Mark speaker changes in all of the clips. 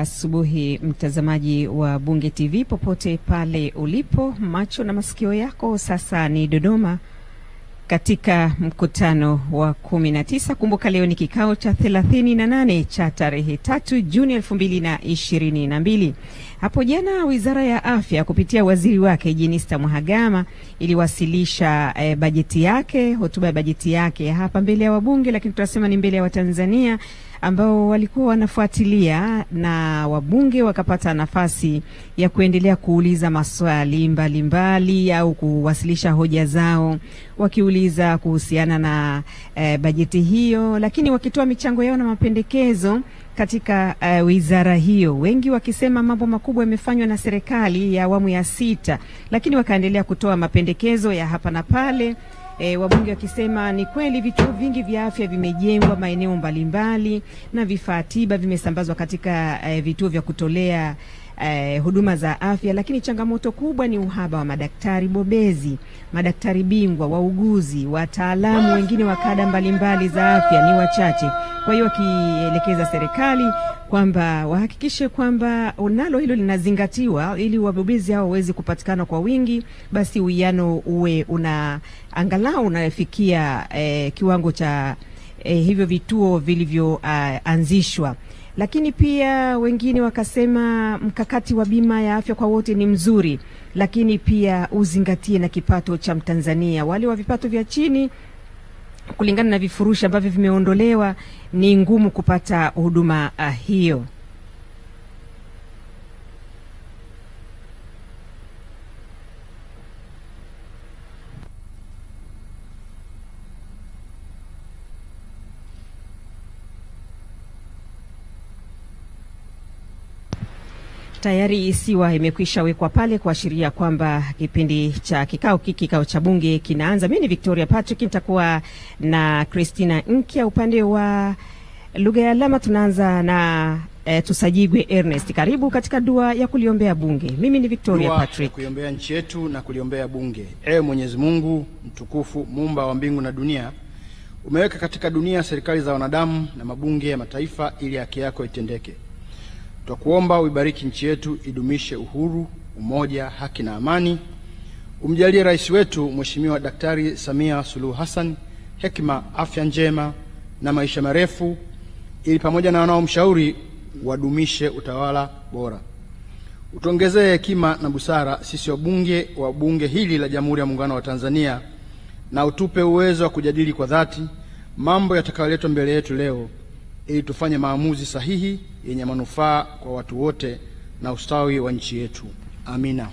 Speaker 1: asubuhi, mtazamaji wa Bunge TV popote pale ulipo, macho na masikio yako sasa ni Dodoma katika mkutano wa 19 Kumbuka leo ni kikao cha 38 na cha tarehe tatu Juni elfu Hapo jana Wizara ya Afya kupitia waziri wake jinista mwahagama iliwasilisha eh, bajeti yake, hotuba ya bajeti yake hapa mbele ya wabunge, lakini tunasema ni mbele ya Watanzania ambao walikuwa wanafuatilia na wabunge wakapata nafasi ya kuendelea kuuliza maswali mbalimbali mbali, au kuwasilisha hoja zao wakiuliza kuhusiana na eh, bajeti hiyo, lakini wakitoa michango yao na mapendekezo katika uh, wizara hiyo, wengi wakisema mambo makubwa yamefanywa na serikali ya awamu ya sita, lakini wakaendelea kutoa mapendekezo ya hapa na pale E, wabunge wakisema ni kweli vituo vingi vya afya vimejengwa maeneo mbalimbali na vifaa tiba vimesambazwa katika e, vituo vya kutolea eh, huduma za afya, lakini changamoto kubwa ni uhaba wa madaktari bobezi, madaktari bingwa, wauguzi, wataalamu wengine wa kada mbalimbali za afya ni wachache. Kwa hiyo wakielekeza serikali kwamba wahakikishe kwamba nalo hilo linazingatiwa ili wabobezi hao waweze kupatikana kwa wingi, basi uwiano uwe una angalau unafikia eh, kiwango cha eh, hivyo vituo vilivyoanzishwa. Uh, lakini pia wengine wakasema mkakati wa bima ya afya kwa wote ni mzuri, lakini pia uzingatie na kipato cha Mtanzania. Wale wa vipato vya chini kulingana na vifurushi ambavyo vimeondolewa, ni ngumu kupata huduma eh, hiyo. tayari isiwa imekwisha wekwa pale kuashiria kwamba kipindi cha kikao hiki kikao cha bunge kinaanza. Mimi ni Victoria Patrick, nitakuwa na Christina Nkia upande wa lugha ya alama. Tunaanza na e, Tusajigwe Ernest, karibu katika dua ya kuliombea bunge. Mimi ni Victoria dua Patrick,
Speaker 2: kuiombea nchi yetu na kuliombea bunge. Ewe Mwenyezi Mungu mtukufu, muumba wa mbingu na dunia, umeweka katika dunia serikali za wanadamu na mabunge ya mataifa ili haki yako itendeke Twakuomba uibariki nchi yetu, idumishe uhuru, umoja, haki na amani. Umjalie rais wetu Mheshimiwa Daktari Samia Suluhu Hassan hekima, afya njema na maisha marefu, ili pamoja na wanaomshauri wadumishe utawala bora. Utuongezee hekima na busara sisi wabunge wa bunge hili la Jamhuri ya Muungano wa Tanzania, na utupe uwezo wa kujadili kwa dhati mambo yatakayoletwa mbele yetu leo ili tufanye maamuzi sahihi yenye manufaa kwa watu wote na ustawi wa nchi yetu. Amina.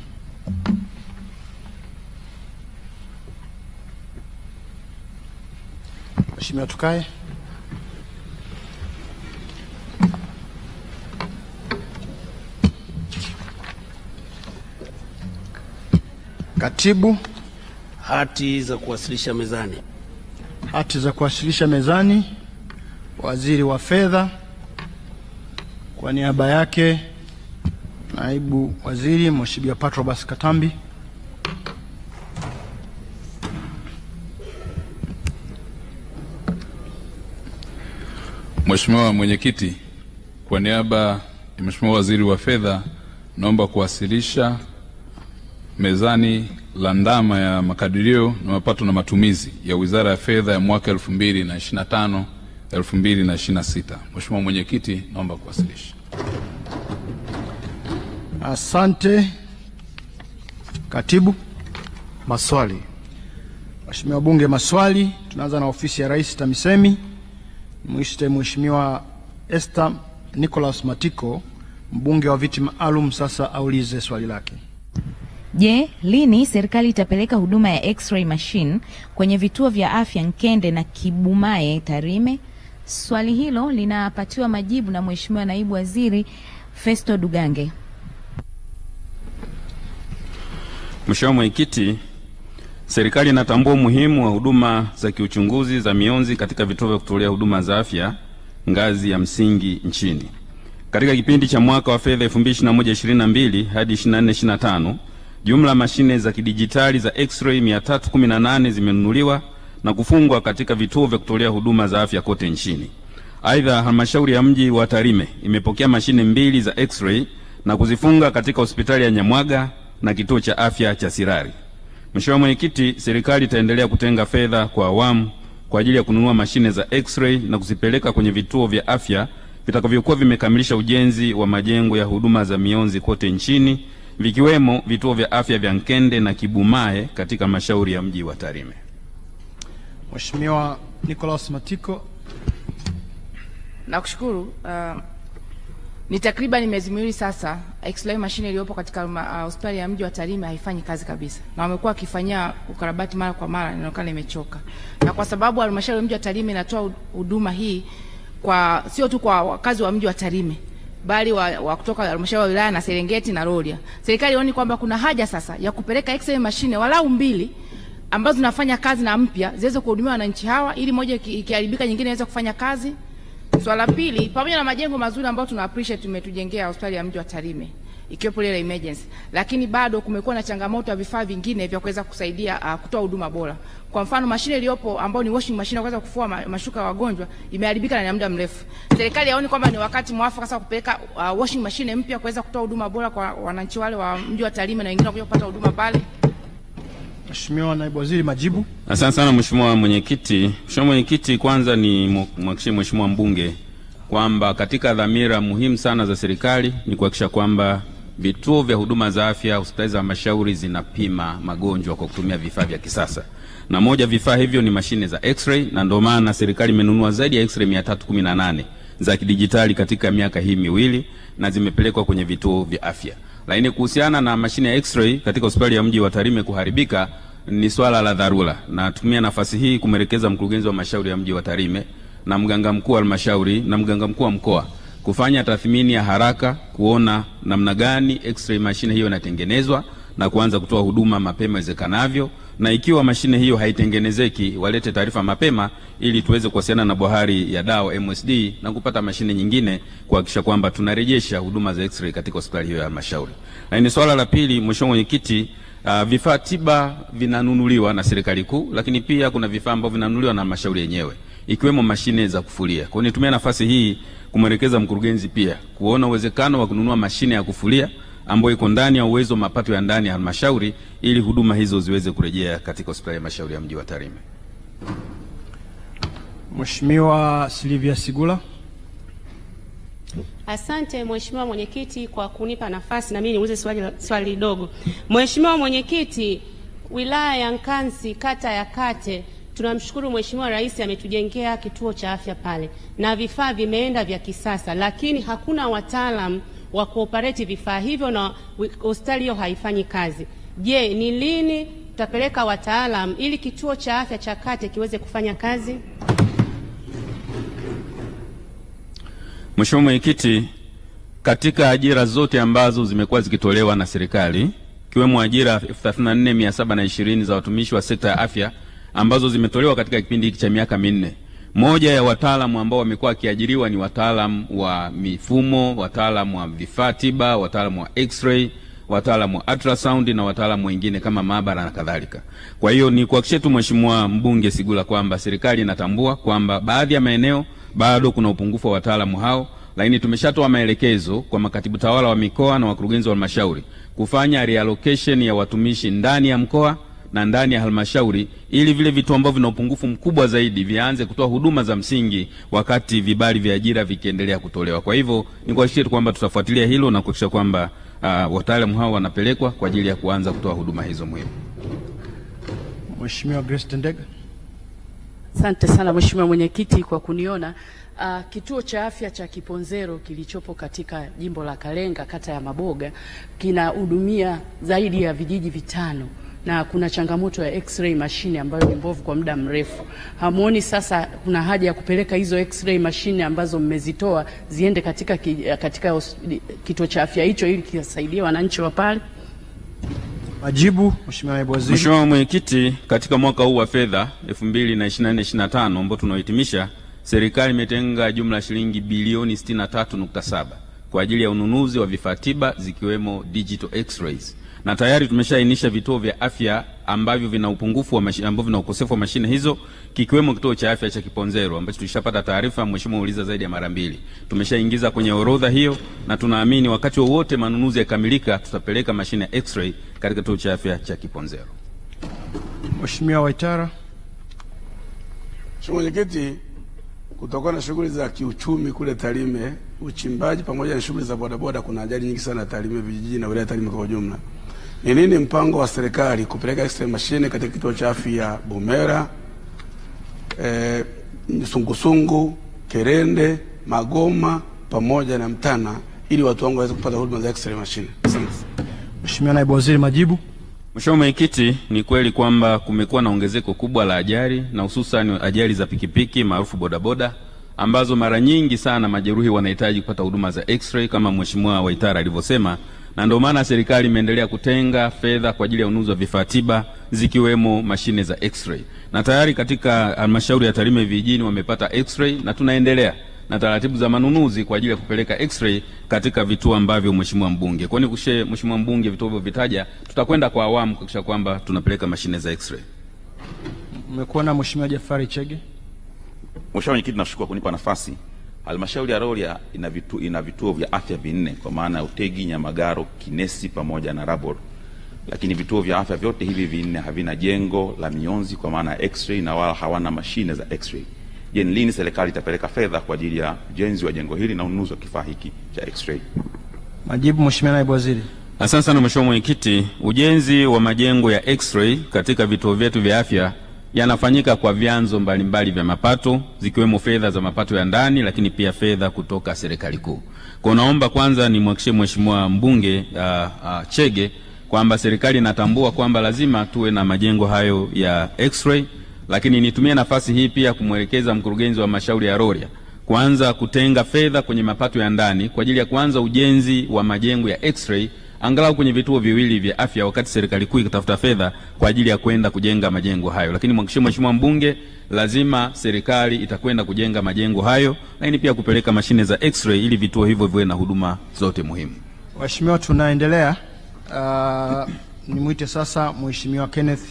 Speaker 2: Mheshimiwa, tukae. Katibu,
Speaker 3: hati za kuwasilisha mezani.
Speaker 2: Hati za kuwasilisha mezani waziri wa fedha, kwa niaba yake naibu waziri Mheshimiwa Patrobas Katambi,
Speaker 4: Mheshimiwa mwenyekiti, kwa niaba ya Mheshimiwa waziri wa fedha naomba kuwasilisha mezani la ndama ya makadirio na mapato na matumizi ya Wizara ya Fedha ya mwaka 2025 2026. Mheshimiwa Mwenyekiti, naomba kuwasilisha.
Speaker 2: Asante. Katibu, maswali. Mheshimiwa bunge, maswali. Tunaanza na ofisi ya Rais TAMISEMI. Mwishte Mheshimiwa Esther Nicholas Matiko, mbunge wa viti maalum, sasa aulize swali lake.
Speaker 1: Je, lini serikali itapeleka huduma ya x-ray machine kwenye vituo vya afya Nkende na kibumae Tarime? Swali hilo linapatiwa majibu na Mheshimiwa Naibu Waziri Festo Dugange.
Speaker 4: Mheshimiwa Mwenyekiti, serikali inatambua umuhimu wa huduma za kiuchunguzi za mionzi katika vituo vya kutolea huduma za afya ngazi ya msingi nchini. Katika kipindi cha mwaka wa fedha 2021/22 hadi 24/25, jumla mashine za kidijitali za X-ray 318 zimenunuliwa na kufungwa katika vituo vya kutolea huduma za afya kote nchini. Aidha, halmashauri ya mji wa Tarime imepokea mashine mbili za x-ray na kuzifunga katika hospitali ya Nyamwaga na kituo cha afya cha Sirari. Mheshimiwa Mwenyekiti, serikali itaendelea kutenga fedha kwa awamu kwa ajili ya kununua mashine za x-ray na kuzipeleka kwenye vituo vya afya vitakavyokuwa vimekamilisha ujenzi wa majengo ya huduma za mionzi kote nchini vikiwemo vituo vya afya vya Nkende na Kibumae katika halmashauri ya mji wa Tarime.
Speaker 2: Mheshimiwa Nicholas Matiko.
Speaker 5: Nakushukuru. Uh, ni takriban miezi miwili sasa X-ray mashine iliyopo katika uh, hospitali uh, ya mji wa Tarime haifanyi kazi kabisa, na wamekuwa wakifanyia ukarabati mara kwa mara, inaonekana imechoka, na kwa sababu halmashauri ya mji wa Tarime inatoa huduma hii kwa sio tu kwa wakazi wa mji wa Tarime bali wa, wa kutoka halmashauri ya wilaya na Serengeti na Rorya. Serikali ioni kwamba kuna haja sasa ya kupeleka X-ray mashine walau mbili ambazo zinafanya kazi na mpya ziweze kuhudumia wananchi hawa, ili moja ikiharibika nyingine iweze kufanya kazi. Swala pili, pamoja na majengo mazuri ambayo tuna appreciate tumetujengea hospitali ya mji wa Tarime ikiwepo ile emergency, lakini bado kumekuwa na changamoto ya vifaa vingine vya kuweza kusaidia uh, kutoa huduma bora. Kwa mfano mashine iliyopo ambayo ni washing machine kuweza kufua mashuka ya wagonjwa imeharibika na muda mrefu. Serikali haoni kwamba ni wakati mwafaka sasa kupeleka uh, washing machine mpya kuweza kutoa huduma bora kwa wananchi wale wa mji wa Tarime na wengine kuja kupata huduma pale.
Speaker 2: Mheshimiwa Naibu Waziri, majibu.
Speaker 4: Asante sana Mheshimiwa Mwenyekiti. Mheshimiwa Mwenyekiti, kwanza ni mhakikishie Mheshimiwa mbunge kwamba katika dhamira muhimu sana za serikali ni kuhakikisha kwamba vituo vya huduma za afya, hospitali za halmashauri zinapima magonjwa kwa kutumia vifaa vya kisasa, na moja vifaa hivyo ni mashine za x-ray, na ndio maana serikali imenunua zaidi ya x-ray 318 za kidijitali katika miaka hii miwili na zimepelekwa kwenye vituo vya afya. Lakini kuhusiana na mashine ya x-ray katika hospitali ya mji wa Tarime kuharibika ni swala la dharura. Natumia nafasi hii kumwelekeza mkurugenzi wa mashauri ya mji wa Tarime na mganga mkuu wa halmashauri na mganga mkuu wa mkoa kufanya tathmini ya haraka kuona namna gani x-ray mashine hiyo inatengenezwa na kuanza kutoa huduma mapema iwezekanavyo na ikiwa mashine hiyo haitengenezeki, walete taarifa mapema ili tuweze kuwasiliana na bohari ya dawa MSD na kupata mashine nyingine kuhakikisha kwamba tunarejesha huduma za x-ray katika hospitali hiyo ya halmashauri. Lakini swala la pili, mheshimiwa mwenyekiti, uh, vifaa tiba vinanunuliwa na serikali kuu, lakini pia kuna vifaa ambavyo vinanunuliwa na halmashauri yenyewe ikiwemo mashine za kufulia. Kwa hiyo nitumia nafasi hii kumwelekeza mkurugenzi pia kuona uwezekano wa kununua mashine ya kufulia ambayo iko ndani ya uwezo wa mapato ya ndani ya halmashauri ili huduma hizo ziweze kurejea katika hospitali ya halmashauri ya mji wa Tarime.
Speaker 2: Mheshimiwa Silvia Sigula.
Speaker 6: Asante Mheshimiwa Mwenyekiti kwa kunipa nafasi na mimi niulize swali, swali dogo. Mheshimiwa Mwenyekiti, wilaya ya Nkansi kata ya Kate tunamshukuru Mheshimiwa Rais ametujengea kituo cha afya pale na vifaa vimeenda vya kisasa, lakini hakuna wataalamu wa kuoperate vifaa hivyo na hospitali hiyo haifanyi kazi. Je, ni lini tutapeleka wataalam ili kituo cha afya cha Kate kiweze kufanya kazi?
Speaker 4: Mheshimiwa Mwenyekiti, katika ajira zote ambazo zimekuwa zikitolewa na serikali ikiwemo ajira 34720 za watumishi wa sekta ya afya ambazo zimetolewa katika kipindi hiki cha miaka minne moja ya wataalamu ambao wamekuwa wakiajiriwa ni wataalamu wa mifumo, wataalamu wa vifaa tiba, wataalamu wa x-ray, wataalamu wa ultrasound na wataalamu wengine kama maabara na kadhalika. Kwa hiyo ni kuhakikishia tu Mheshimiwa Mbunge Sigula kwamba serikali inatambua kwamba baadhi ya maeneo bado kuna upungufu wa wataalamu hao, lakini tumeshatoa maelekezo kwa makatibu tawala wa mikoa na wakurugenzi wa halmashauri kufanya reallocation ya watumishi ndani ya mkoa na ndani ya halmashauri ili vile vituo ambavyo vina upungufu mkubwa zaidi vianze kutoa huduma za msingi wakati vibali vya ajira vikiendelea kutolewa. Kwa hivyo nikuhakikishie kwamba tutafuatilia hilo na kuhakikisha kwamba uh, wataalamu hao wanapelekwa kwa ajili ya kuanza kutoa huduma hizo muhimu.
Speaker 2: Mheshimiwa Grace Tendega.
Speaker 7: Asante sana Mheshimiwa Mwenyekiti kwa kuniona. Uh, kituo cha afya cha Kiponzero kilichopo katika jimbo la Kalenga kata ya Maboga kinahudumia zaidi ya vijiji vitano na kuna changamoto ya x-ray mashine ambayo ni mbovu kwa muda mrefu. Hamuoni sasa kuna haja ya kupeleka hizo x-ray mashine ambazo mmezitoa ziende katika, katika kituo cha afya hicho ili kisaidie wananchi wa pale?
Speaker 2: Majibu, Mheshimiwa Naibu Waziri.
Speaker 4: Mheshimiwa Mwenyekiti, katika mwaka huu wa fedha 2024/2025 ambao tunaohitimisha, serikali imetenga jumla shilingi bilioni 63.7 kwa ajili ya ununuzi wa vifaa tiba zikiwemo digital x-rays na tayari tumeshaainisha vituo vya afya ambavyo vina upungufu wa mashine, ambavyo vina ukosefu wa mashine hizo kikiwemo kituo cha afya cha Kiponzero ambacho tulishapata taarifa, mheshimiwa uliza zaidi ya mara mbili. Tumeshaingiza kwenye orodha hiyo na tunaamini wakati wowote manunuzi yakamilika, tutapeleka mashine ya x-ray katika kituo cha afya cha Kiponzero.
Speaker 2: Mheshimiwa Waitara.
Speaker 8: Mheshimiwa Mwenyekiti, kutokana na shughuli za kiuchumi kule Tarime, uchimbaji pamoja na shughuli za bodaboda, kuna ajali nyingi sana Tarime vijijini na wilaya Tarime kwa ujumla. Ni nini mpango wa serikali kupeleka X-ray machine katika kituo cha afya Bomera, e, Sungusungu, Kerende, Magoma pamoja na Mtana ili watu wangu waweze kupata huduma za X-ray machine?
Speaker 2: Mheshimiwa Naibu Waziri, majibu.
Speaker 4: Mheshimiwa Mwenyekiti, ni kweli kwamba kumekuwa na ongezeko kubwa la ajali na hususan ajali za pikipiki maarufu bodaboda ambazo mara nyingi sana majeruhi wanahitaji kupata huduma za X-ray kama Mheshimiwa Waitara alivyosema na ndio maana serikali imeendelea kutenga fedha kwa ajili ya ununuzi wa vifaa tiba zikiwemo mashine za x-ray, na tayari katika halmashauri ya Tarime vijijini wamepata x-ray na tunaendelea na taratibu za manunuzi kwa ajili ya kupeleka x-ray katika vituo ambavyo mheshimiwa mbunge. Kwa nini kushe mheshimiwa mbunge vituo hivyo vitaja, tutakwenda kwa awamu kuhakikisha kwamba tunapeleka mashine za x-ray.
Speaker 2: Mmekuona mheshimiwa Jafari Chege.
Speaker 4: Mheshimiwa Mwenyekiti, nashukuru kunipa nafasi. Halmashauri ya Rorya ina, vitu, ina vituo vya afya vinne kwa maana ya Utegi, Nyamagaro, Kinesi pamoja na rabor lakini vituo vya afya vyote hivi vinne havina jengo la mionzi kwa maana ya x-ray na wala hawana mashine za x-ray. Je, ni lini serikali itapeleka fedha kwa ajili ya ujenzi wa jengo hili na ununuzi wa kifaa hiki cha x-ray?
Speaker 2: Majibu, Mheshimiwa Naibu Waziri.
Speaker 4: Asante sana Mheshimiwa Mwenyekiti, ujenzi wa majengo ya x-ray katika vituo vyetu vya afya yanafanyika kwa vyanzo mbalimbali vya mapato zikiwemo fedha za mapato ya ndani, lakini pia fedha kutoka serikali kuu. Kwa naomba kwanza nimhakikishie Mheshimiwa mbunge a, uh, a, uh, Chege kwamba serikali inatambua kwamba lazima tuwe na majengo hayo ya X-ray, lakini nitumie nafasi hii pia kumwelekeza mkurugenzi wa mashauri ya Rorya kuanza kutenga fedha kwenye mapato ya ndani kwa ajili ya kuanza ujenzi wa majengo ya X-ray angalau kwenye vituo viwili vya afya, wakati serikali kuu ikitafuta fedha kwa ajili ya kwenda kujenga majengo hayo. Lakini mheshimiwa mbunge, lazima serikali itakwenda kujenga majengo hayo, lakini pia kupeleka mashine za x-ray ili vituo hivyo viwe na huduma zote muhimu.
Speaker 2: Mheshimiwa, tunaendelea. Uh, nimwite sasa mheshimiwa Kenneth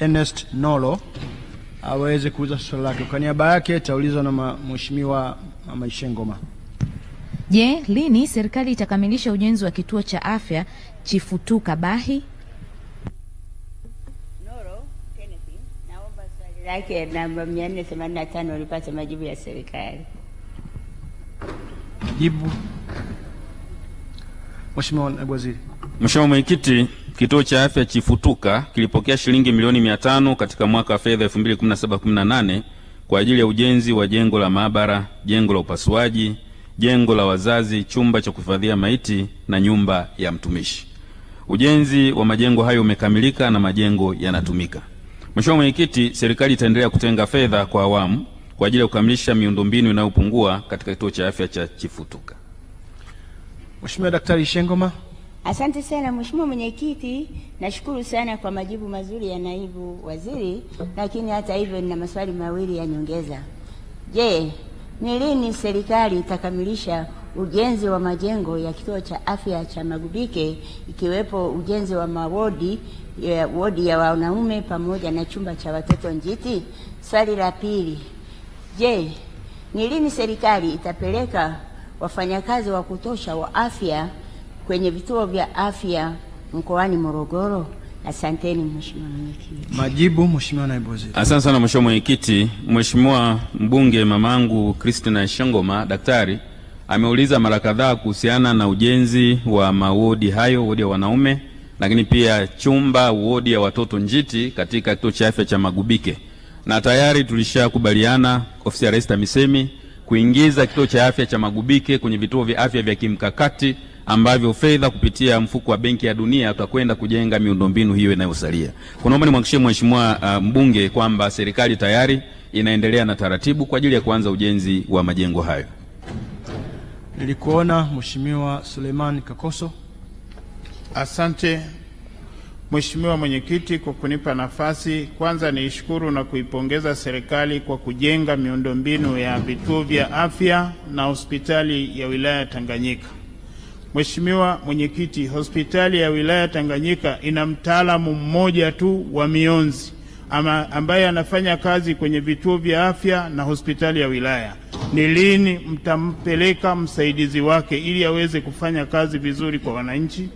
Speaker 2: Ernest Nolo aweze kuuliza swali lake. Kwa niaba yake taulizwa na mheshimiwa Mama Ishengoma.
Speaker 1: Je, lini serikali itakamilisha ujenzi wa kituo cha afya Chifutuka Bahi? Noro Kennedy, naomba swali lake
Speaker 2: namba 485 lipate majibu ya serikali. Jibu. Mheshimiwa Naibu Waziri.
Speaker 4: Mheshimiwa Mwenyekiti, kituo cha afya Chifutuka kilipokea shilingi milioni 500 katika mwaka wa fedha 2017/18 kwa ajili ya ujenzi wa jengo la maabara, jengo la upasuaji jengo la wazazi, chumba cha kuhifadhia maiti na nyumba ya mtumishi. Ujenzi wa majengo hayo umekamilika na majengo yanatumika. Mheshimiwa Mwenyekiti, serikali itaendelea kutenga fedha kwa awamu kwa ajili ya kukamilisha miundombinu inayopungua katika kituo cha afya cha Chifutuka.
Speaker 2: Mheshimiwa Daktari shengoma
Speaker 9: Asante sana Mheshimiwa Mwenyekiti, nashukuru sana kwa majibu mazuri ya naibu waziri, lakini hata hivyo nina maswali mawili ya nyongeza. Je, ni lini serikali itakamilisha ujenzi wa majengo ya kituo cha afya cha Magubike ikiwepo ujenzi wa mawodi ya, wodi ya wanaume pamoja na chumba cha watoto njiti? Swali la pili, je, ni lini serikali itapeleka wafanyakazi wa kutosha wa afya kwenye vituo vya afya mkoani Morogoro? Asanteni mheshimiwa mwenyekiti.
Speaker 2: Majibu mheshimiwa naibu waziri.
Speaker 4: Asante sana mheshimiwa mwenyekiti. Mheshimiwa mbunge mamangu Christina Shangoma daktari ameuliza mara kadhaa kuhusiana na ujenzi wa mawodi hayo, wodi ya wanaume lakini pia chumba wodi ya watoto njiti katika kituo cha afya cha Magubike, na tayari tulishakubaliana ofisi ya Rais TAMISEMI kuingiza kituo cha afya cha Magubike kwenye vituo vya afya vya kimkakati ambavyo fedha kupitia mfuko wa Benki ya Dunia tutakwenda kujenga miundombinu hiyo inayosalia. Kunaomba nimhakikishie Mheshimiwa uh, mbunge kwamba serikali tayari inaendelea na taratibu kwa ajili ya kuanza ujenzi wa majengo hayo.
Speaker 2: Nilikuona Mheshimiwa Suleiman Kakoso.
Speaker 10: Asante Mheshimiwa Mwenyekiti kwa kunipa nafasi. Kwanza niishukuru na kuipongeza serikali kwa kujenga miundombinu ya vituo vya afya na hospitali ya wilaya Tanganyika. Mheshimiwa Mwenyekiti, hospitali ya wilaya Tanganyika ina mtaalamu mmoja tu wa mionzi ama ambaye anafanya kazi kwenye vituo vya afya na hospitali ya wilaya. Ni lini mtampeleka msaidizi wake ili aweze kufanya kazi vizuri kwa wananchi?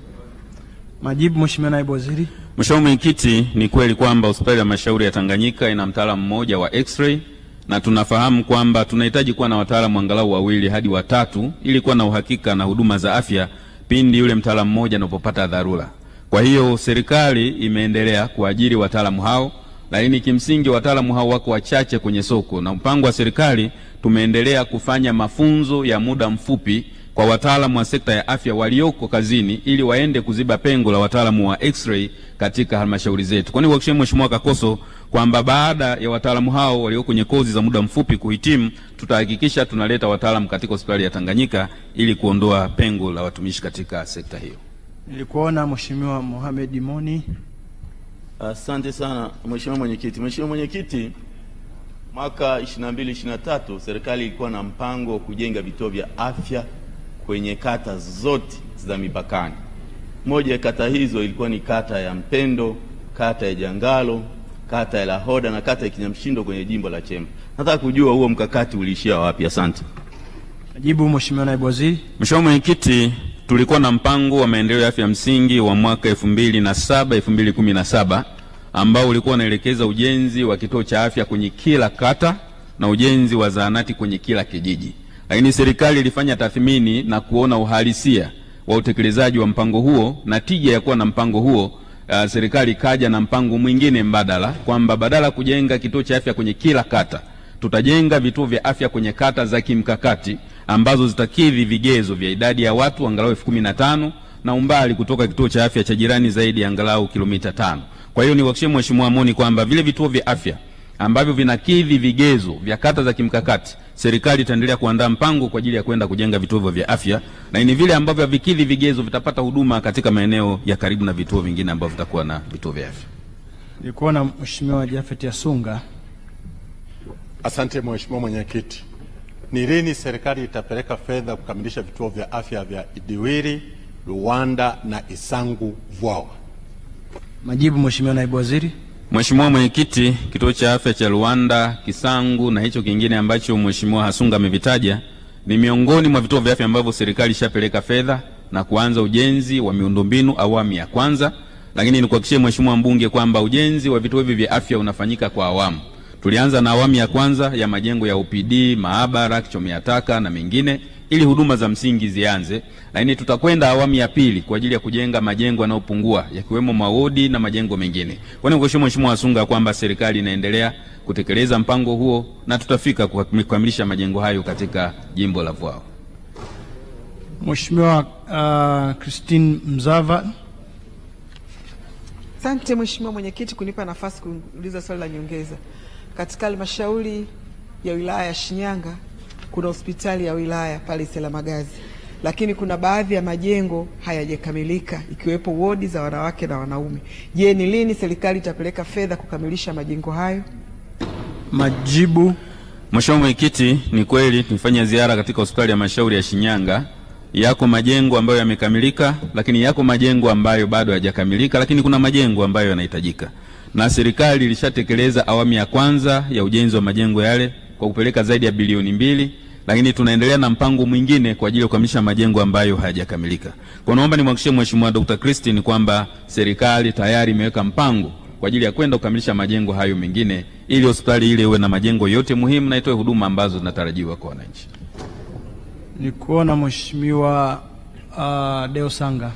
Speaker 2: Majibu, Mheshimiwa Naibu Waziri.
Speaker 4: Mheshimiwa Mwenyekiti, ni kweli kwamba hospitali ya mashauri ya Tanganyika ina mtaalamu mmoja wa x-ray na tunafahamu kwamba tunahitaji kuwa na wataalamu angalau wawili hadi watatu ili kuwa na uhakika na huduma za afya pindi yule mtaalamu mmoja anapopata dharura. Kwa hiyo serikali imeendelea kuajiri wataalamu hao, lakini kimsingi wataalamu hao wako wachache kwenye soko, na mpango wa serikali tumeendelea kufanya mafunzo ya muda mfupi kwa wataalamu wa sekta ya afya walioko kazini ili waende kuziba pengo la wataalamu wa x-ray katika halmashauri zetu. Kwa nini Mheshimiwa Kakoso kwamba baada ya wataalamu hao walio kwenye kozi za muda mfupi kuhitimu, tutahakikisha tunaleta wataalamu katika hospitali ya Tanganyika ili kuondoa pengo la watumishi katika sekta hiyo.
Speaker 2: Nilikuona Mheshimiwa Mohamed Moni.
Speaker 11: Asante sana Mheshimiwa Mwenyekiti. Mheshimiwa Mwenyekiti, mwaka 22 23 serikali ilikuwa na mpango wa kujenga vituo vya afya kwenye kata zote za mipakani. Moja ya kata hizo ilikuwa ni kata ya Mpendo, kata ya Jangalo kata ya Lahoda na kata ya Kinyamshindo kwenye jimbo la Chemba. Nataka kujua huo mkakati uliishia wapi? Asante.
Speaker 2: Jibu Mheshimiwa Naibu Waziri.
Speaker 4: Mheshimiwa Mwenyekiti, tulikuwa na mpango wa maendeleo ya afya msingi wa mwaka 2007 2017 ambao ulikuwa unaelekeza ujenzi wa kituo cha afya kwenye kila kata na ujenzi wa zahanati kwenye kila kijiji, lakini serikali ilifanya tathmini na kuona uhalisia wa utekelezaji wa mpango huo na tija ya kuwa na mpango huo uh, serikali ikaja na mpango mwingine mbadala kwamba badala kujenga kituo cha afya kwenye kila kata tutajenga vituo vya afya kwenye kata za kimkakati ambazo zitakidhi vigezo vya idadi ya watu angalau elfu kumi na tano na umbali kutoka kituo cha afya cha jirani zaidi ya angalau kilomita tano. Kwa hiyo niwahakikishie Mheshimiwa Moni kwamba vile vituo vya afya ambavyo vinakidhi vigezo vya kata za kimkakati, serikali itaendelea kuandaa mpango kwa ajili ya kwenda kujenga vituo vya afya na ni vile ambavyo havikidhi vigezo vitapata huduma katika maeneo ya karibu na vituo vingine ambavyo vitakuwa na vituo vya afya.
Speaker 2: Nilikuwa na Mheshimiwa Jafet Yasunga.
Speaker 12: Asante Mheshimiwa Mwenyekiti, ni lini serikali itapeleka fedha kukamilisha vituo vya afya vya Idiwiri, Ruanda na Isangu Vwawa?
Speaker 2: Majibu Mheshimiwa Naibu Waziri.
Speaker 4: Mheshimiwa Mwenyekiti, kituo cha afya cha rwanda Kisangu na hicho kingine ambacho Mheshimiwa Hasunga amevitaja ni miongoni mwa vituo vya afya ambavyo serikali ishapeleka fedha na kuanza ujenzi wa miundombinu awamu ya kwanza, lakini nikuhakikishie Mheshimiwa Mbunge kwamba ujenzi wa vituo hivi vya afya unafanyika kwa awamu. Tulianza na awamu ya kwanza ya majengo ya OPD, maabara, kichomea taka na mengine ili huduma za msingi zianze, lakini tutakwenda awamu ya pili kwa ajili ya kujenga majengo yanayopungua yakiwemo mawodi na majengo mengine. Kwa hiyo nikushukuru Mheshimiwa Asunga kwamba serikali inaendelea kutekeleza mpango huo na tutafika kukamilisha majengo hayo katika jimbo la Vwao.
Speaker 2: Mheshimiwa uh, Christine Mzava.
Speaker 13: Asante Mheshimiwa Mwenyekiti kunipa nafasi kuuliza swali la nyongeza. Katika halmashauri ya wilaya ya Shinyanga kuna hospitali ya wilaya pale Selamagazi, lakini kuna baadhi ya majengo hayajakamilika ikiwepo wodi za wanawake na wanaume. Je, ni lini serikali itapeleka fedha kukamilisha majengo hayo?
Speaker 2: Majibu.
Speaker 4: Mheshimiwa Mwenyekiti, ni kweli tumefanya ziara katika hospitali ya Mashauri ya Shinyanga. Yako majengo ambayo yamekamilika, lakini yako majengo ambayo bado hayajakamilika, lakini kuna majengo ambayo yanahitajika, na serikali ilishatekeleza awamu ya kwanza ya ujenzi wa majengo yale kwa kupeleka zaidi ya bilioni mbili, lakini tunaendelea na mpango mwingine kwa ajili ya kukamilisha majengo ambayo hayajakamilika. Kwa naomba nimhakikishie Mheshimiwa Dr. Christine kwamba serikali tayari imeweka mpango kwa ajili ya kwenda kukamilisha majengo hayo mengine ili hospitali ile iwe na majengo yote muhimu na itoe huduma ambazo zinatarajiwa kwa wananchi.
Speaker 2: Ni kuona Mheshimiwa uh, Deo Sanga.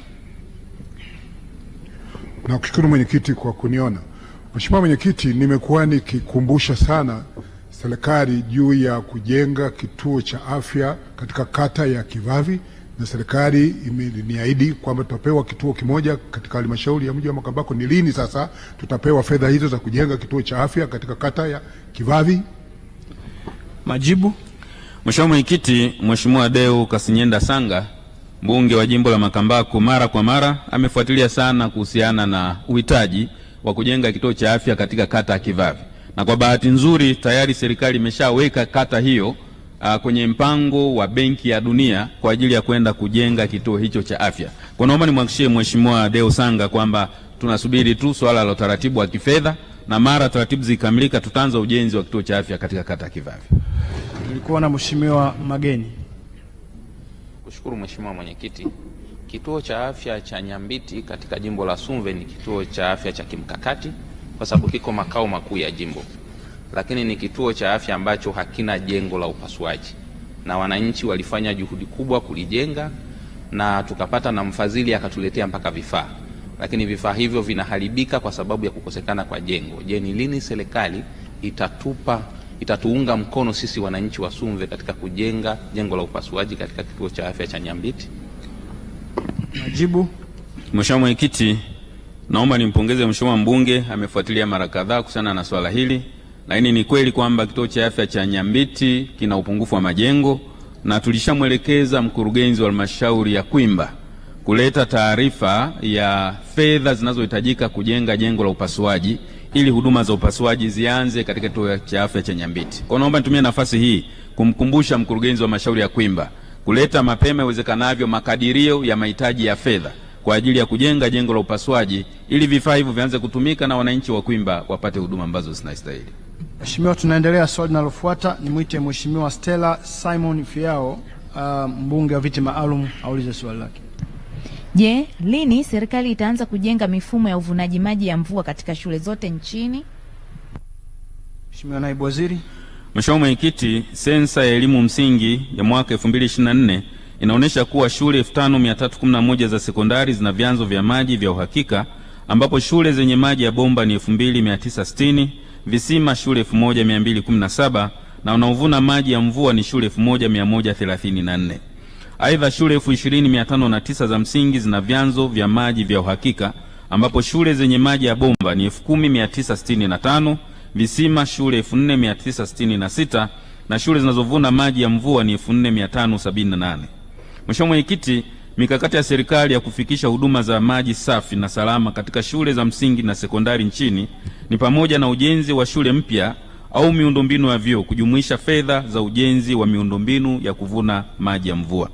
Speaker 14: Nakushukuru mwenyekiti kwa kuniona. Mheshimiwa mwenyekiti, nimekuwa nikikumbusha sana serikali juu ya kujenga kituo cha afya katika kata ya Kivavi, na serikali imeniahidi kwamba tutapewa kituo kimoja katika halmashauri ya mji wa Makambako. Ni lini sasa tutapewa fedha hizo za kujenga kituo cha afya katika kata ya Kivavi?
Speaker 2: Majibu.
Speaker 4: Mheshimiwa Mwenyekiti, Mheshimiwa Deu Kasinyenda Sanga mbunge wa jimbo la Makambako mara kwa mara amefuatilia sana kuhusiana na uhitaji wa kujenga kituo cha afya katika kata ya Kivavi na kwa bahati nzuri tayari serikali imeshaweka kata hiyo uh, kwenye mpango wa Benki ya Dunia kwa ajili ya kwenda kujenga kituo hicho cha afya. Kwa naomba nimhakikishie Mheshimiwa Deo Sanga kwamba tunasubiri tu swala la utaratibu wa kifedha na mara taratibu zikikamilika tutaanza ujenzi wa kituo cha afya katika kata ya Kivavi.
Speaker 2: Nilikuwa na Mheshimiwa Mageni.
Speaker 15: Kushukuru Mheshimiwa Mwenyekiti. Kituo cha afya cha Nyambiti katika jimbo la Sumve ni kituo cha afya cha kimkakati kwa sababu kiko makao makuu ya jimbo, lakini ni kituo cha afya ambacho hakina jengo la upasuaji, na wananchi walifanya juhudi kubwa kulijenga na tukapata na mfadhili akatuletea mpaka vifaa, lakini vifaa hivyo vinaharibika kwa sababu ya kukosekana kwa jengo. Je, ni lini serikali itatupa itatuunga mkono sisi wananchi wa Sumve katika kujenga jengo la upasuaji katika kituo cha afya cha Nyambiti?
Speaker 2: Majibu.
Speaker 4: Mheshimiwa Mwenyekiti, Naomba nimpongeze mheshimiwa mbunge, amefuatilia mara kadhaa kuhusiana na swala hili, lakini ni kweli kwamba kituo cha afya cha Nyambiti kina upungufu wa majengo na tulishamwelekeza mkurugenzi wa halmashauri ya Kwimba kuleta taarifa ya fedha zinazohitajika kujenga jengo la upasuaji ili huduma za upasuaji zianze katika kituo cha afya cha Nyambiti. Kwa naomba nitumie nafasi hii kumkumbusha mkurugenzi wa halmashauri ya Kwimba kuleta mapema iwezekanavyo makadirio ya mahitaji ya fedha kwa ajili ya kujenga jengo la upasuaji ili vifaa hivyo vianze kutumika na wananchi wa Kwimba wapate huduma ambazo zinastahili.
Speaker 2: Mheshimiwa, tunaendelea. Swali linalofuata nimwite Mheshimiwa Stella Simon Fiao, uh, mbunge wa viti maalum aulize swali lake.
Speaker 1: Je, lini serikali itaanza kujenga mifumo ya uvunaji maji ya mvua katika shule zote nchini?
Speaker 2: Mheshimiwa Naibu Waziri.
Speaker 4: Mheshimiwa Mwenyekiti, sensa ya elimu msingi ya mwaka 2024 inaonyesha kuwa shule 5311 za sekondari zina vyanzo vya maji vya uhakika ambapo shule zenye maji ya bomba ni 2960, visima shule 1217 na wanaovuna maji ya mvua ni shule 1134. Aidha, shule 20509 za msingi zina vyanzo vya maji vya uhakika ambapo shule zenye maji ya bomba ni 10965, visima shule 4966 na shule zinazovuna maji ya mvua ni 4578. Mheshimiwa Mwenyekiti, mikakati ya serikali ya kufikisha huduma za maji safi na salama katika shule za msingi na sekondari nchini ni pamoja na ujenzi wa shule mpya au miundombinu ya vyoo kujumuisha fedha za ujenzi wa miundombinu ya kuvuna maji ya mvua.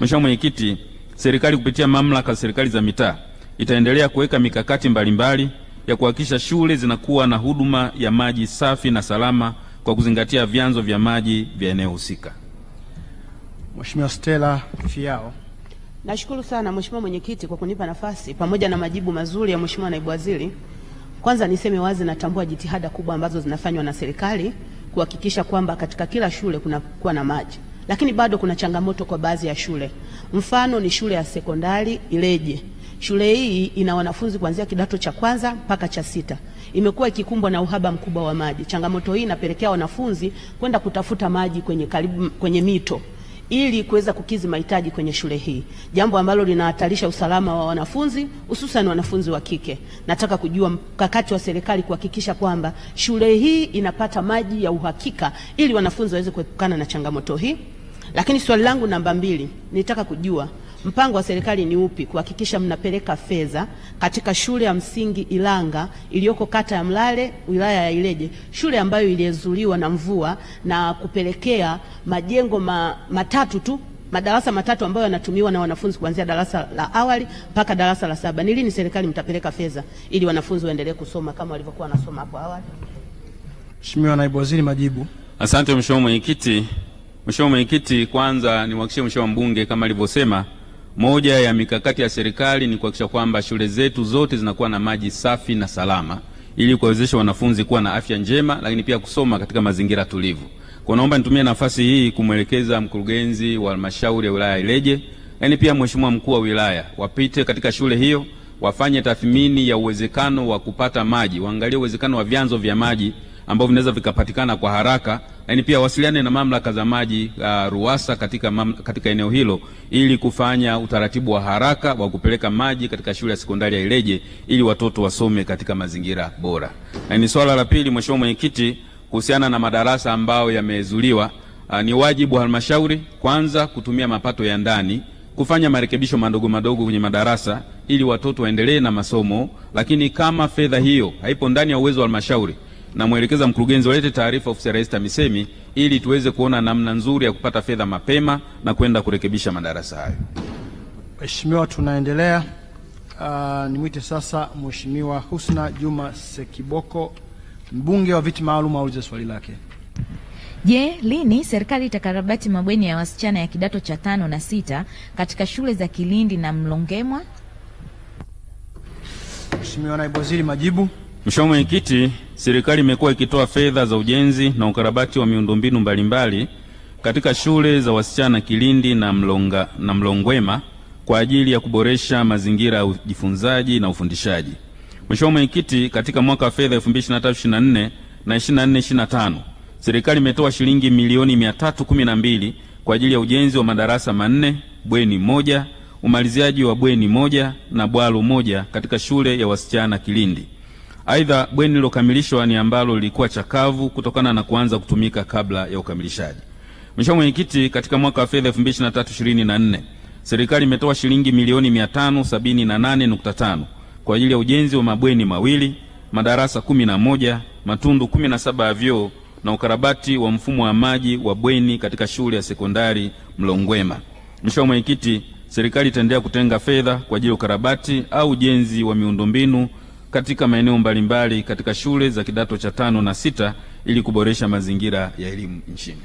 Speaker 4: Mheshimiwa Mwenyekiti, serikali kupitia mamlaka za serikali za mitaa itaendelea kuweka mikakati mbalimbali mbali ya kuhakikisha shule zinakuwa na huduma ya maji safi na salama kwa kuzingatia vyanzo vya maji vya eneo husika.
Speaker 2: Mheshimiwa Stella Fiao.
Speaker 16: Nashukuru sana Mheshimiwa Mwenyekiti kwa kunipa nafasi pamoja na majibu mazuri ya Mheshimiwa Naibu Waziri. Kwanza niseme wazi, natambua jitihada kubwa ambazo zinafanywa na serikali kuhakikisha kwamba katika kila shule kunakuwa na maji, lakini bado kuna changamoto kwa baadhi ya shule. Mfano ni shule ya sekondari Ileje. Shule hii ina wanafunzi kuanzia kidato cha kwanza mpaka cha sita, imekuwa ikikumbwa na uhaba mkubwa wa maji. Changamoto hii inapelekea wanafunzi kwenda kutafuta maji kwenye, karibu, kwenye mito ili kuweza kukidhi mahitaji kwenye shule hii, jambo ambalo linahatarisha usalama wa wanafunzi hususan wanafunzi wa kike. Nataka kujua mkakati wa serikali kuhakikisha kwamba shule hii inapata maji ya uhakika ili wanafunzi waweze kuepukana na changamoto hii. Lakini swali langu namba mbili, nitaka kujua Mpango wa serikali ni upi kuhakikisha mnapeleka fedha katika shule ya msingi Ilanga iliyoko kata ya Mlale wilaya ya Ileje, shule ambayo iliezuliwa na mvua na kupelekea majengo ma, matatu tu madarasa matatu ambayo yanatumiwa na wanafunzi kuanzia darasa la awali mpaka darasa la saba. Ni lini serikali mtapeleka fedha ili wanafunzi waendelee kusoma kama walivyokuwa wanasoma hapo awali?
Speaker 2: Mheshimiwa Naibu Waziri, majibu.
Speaker 4: Asante Mheshimiwa Mwenyekiti. Mheshimiwa Mwenyekiti, kwanza nimhakikishie Mheshimiwa mbunge kama alivyosema moja ya mikakati ya serikali ni kuhakikisha kwamba shule zetu zote zinakuwa na maji safi na salama ili kuwawezesha wanafunzi kuwa na afya njema, lakini pia kusoma katika mazingira tulivu. Kwa naomba nitumie nafasi hii kumwelekeza mkurugenzi wa halmashauri ya wilaya Ileje, lakini pia mheshimiwa mkuu wa wilaya wapite katika shule hiyo, wafanye tathmini ya uwezekano wa kupata maji, waangalie uwezekano wa vyanzo vya maji ambavyo vinaweza vikapatikana kwa haraka lakini pia wasiliane na mamlaka za maji uh, RUWASA katika, mam, katika eneo hilo ili kufanya utaratibu wa haraka wa kupeleka maji katika shule ya sekondari ya Ileje ili watoto wasome katika mazingira bora. Ni swala la pili, Mheshimiwa Mwenyekiti, kuhusiana na madarasa ambayo yamezuliwa, uh, ni wajibu wa halmashauri kwanza kutumia mapato ya ndani kufanya marekebisho madogo madogo kwenye madarasa ili watoto waendelee na masomo, lakini kama fedha hiyo haipo ndani ya uwezo wa halmashauri namwelekeza mkurugenzi, walete taarifa ofisi ya Rais TAMISEMI ili tuweze kuona namna nzuri ya kupata fedha mapema na kwenda kurekebisha madarasa hayo.
Speaker 2: Mheshimiwa, tunaendelea. Uh, nimwite sasa Mheshimiwa Husna Juma Sekiboko, mbunge wa viti maalum, aulize swali lake.
Speaker 1: Je, lini serikali itakarabati mabweni ya wasichana ya kidato cha tano na sita katika shule za Kilindi na Mlongemwa?
Speaker 2: Mheshimiwa Naibu Waziri, majibu.
Speaker 4: Mheshimiwa Mwenyekiti Serikali imekuwa ikitoa fedha za ujenzi na ukarabati wa miundombinu mbalimbali katika shule za wasichana Kilindi na, Mlonga, na Mlongwema kwa ajili ya kuboresha mazingira ya ujifunzaji na ufundishaji. Mheshimiwa Mwenyekiti, katika mwaka wa fedha 2023/24 na 24/25 serikali imetoa shilingi milioni 312 kwa ajili ya ujenzi wa madarasa manne, bweni moja, umaliziaji wa bweni moja na bwalo moja katika shule ya wasichana Kilindi. Aidha, bweni lilokamilishwa ni ambalo lilikuwa chakavu kutokana na kuanza kutumika kabla ya ukamilishaji. Mheshimiwa Mwenyekiti, katika mwaka wa fedha 2023/2024 serikali imetoa shilingi milioni 578.5 kwa ajili ya ujenzi wa mabweni mawili, madarasa 11, matundu 17 ya vyoo na ukarabati wa mfumo wa maji wa bweni katika shule ya sekondari Mlongwema. Mheshimiwa Mwenyekiti, serikali itaendelea kutenga fedha kwa ajili ya ukarabati au ujenzi wa miundombinu katika maeneo mbalimbali katika shule za kidato cha tano na sita ili kuboresha mazingira ya elimu nchini.